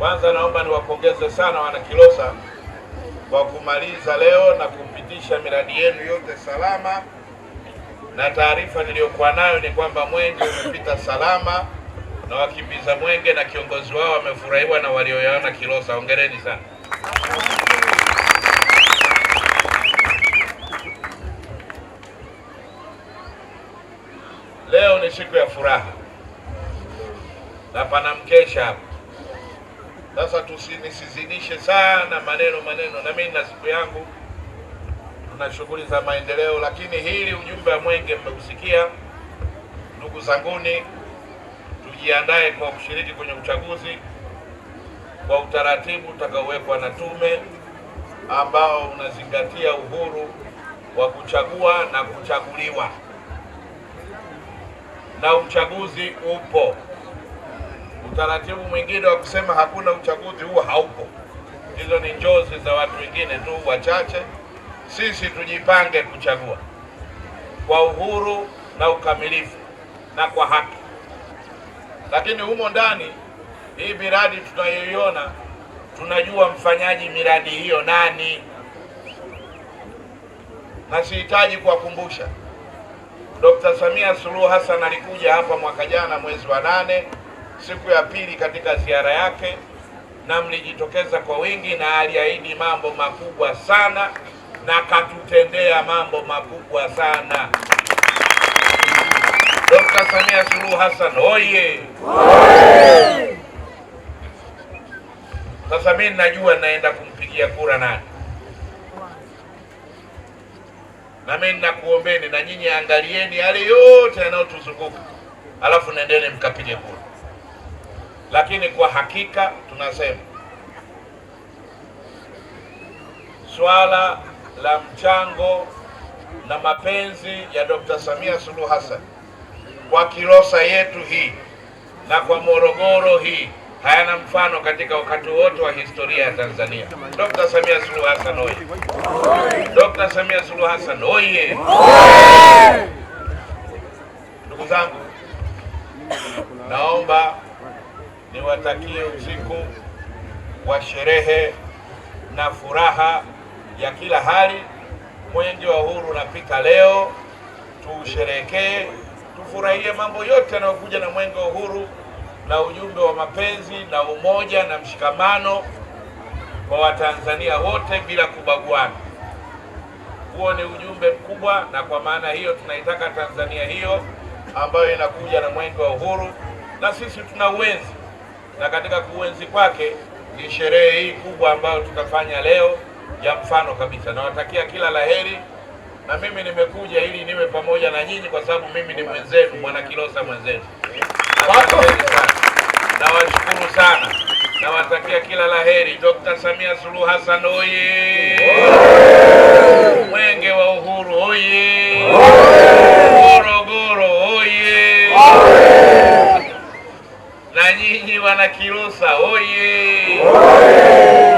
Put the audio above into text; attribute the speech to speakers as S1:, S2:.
S1: Kwanza naomba niwapongeze sana wana Kilosa kwa kumaliza leo na kupitisha miradi yenu yote salama, na taarifa niliyokuwa nayo ni kwamba mwenge umepita salama na wakimbiza mwenge na kiongozi wao wamefurahiwa na walioyaona Kilosa. Hongereni sana. Leo ni siku ya furaha na pana mkesha hapa sasa tusinisizinishe sana maneno maneno, na mimi na siku yangu tuna shughuli za maendeleo, lakini hili ujumbe wa mwenge mmekusikia, ndugu zanguni, tujiandae kwa kushiriki kwenye uchaguzi kwa utaratibu utakaowekwa na tume ambao unazingatia uhuru wa kuchagua na kuchaguliwa, na uchaguzi upo utaratibu mwingine wa kusema hakuna uchaguzi, huo haupo. Hizo ni njozi za watu wengine tu wachache. Sisi tujipange kuchagua kwa uhuru na ukamilifu na kwa haki, lakini humo ndani hii miradi tunayoiona, tunajua mfanyaji miradi hiyo nani, na sihitaji kuwakumbusha Dr. Samia Suluhu Hassan alikuja hapa mwaka jana mwezi wa nane siku ya pili katika ziara yake, na mlijitokeza kwa wingi, na aliahidi mambo makubwa sana na katutendea mambo makubwa sana. Dr. Samia Suluhu Hassan oye! Sasa mimi najua naenda kumpigia kura nani, na mimi ninakuombeni na nyinyi, angalieni yale yote yanayotuzunguka, alafu naendeni mkapige kura. Lakini kwa hakika tunasema swala la mchango na mapenzi ya Dr. Samia Suluhu Hassan kwa Kilosa yetu hii na kwa Morogoro hii hayana mfano katika wakati wote wa historia ya Tanzania. Dr. Samia Suluhu Hassan oye! Dr. Samia Suluhu Hassan oye! Ndugu zangu, naomba niwatakie usiku wa sherehe na furaha ya kila hali. Mwenge wa Uhuru unapita leo, tuusherekee tufurahie mambo yote yanayokuja na Mwenge wa Uhuru na ujumbe wa mapenzi na umoja na mshikamano kwa Watanzania wote bila kubaguana. Huo ni ujumbe mkubwa, na kwa maana hiyo tunaitaka Tanzania hiyo ambayo inakuja na Mwenge wa Uhuru, na sisi tuna uwenzi na katika kuenzi kwake ni sherehe hii kubwa ambayo tutafanya leo ya mfano kabisa. Nawatakia kila laheri, na mimi nimekuja ili niwe pamoja na nyinyi, kwa sababu mimi ni mwenzenu, mwana Kilosa mwenzenu. Nawashukuru sana, nawatakia kila laheri. Dr. Samia Suluhu Hassan oye! Mwenge wa Uhuru oye! Morogoro na nyinyi wana Kilosa oye! Oye!